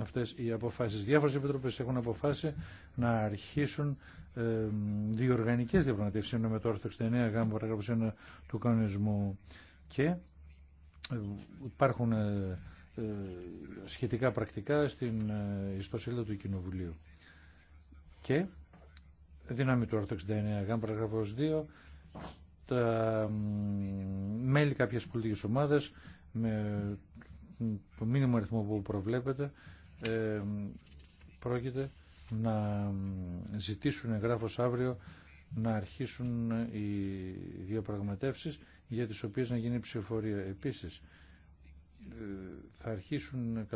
αυτές οι αποφάσεις. Διάφορες επιτροπές έχουν αποφάσει να αρχίσουν ε, διοργανικές διαπραγματεύσεις με το άρθρο 69 γάμου παραγράφος 1 του κανονισμού και ε, υπάρχουν ε, ε, σχετικά πρακτικά στην ε, ιστοσελίδα του Κοινοβουλίου. Και δυνάμει του άρθρο 69 γάμου παραγράφος 2 τα μέλη κάποιες πολιτικές ομάδες με αριθμό που προβλέπετε ε, πρόκειται να ζητήσουν εγγράφος αύριο να αρχίσουν οι διαπραγματεύσεις για τις οποίες να γίνει ψηφοφορία. Επίσης, ε, θα αρχίσουν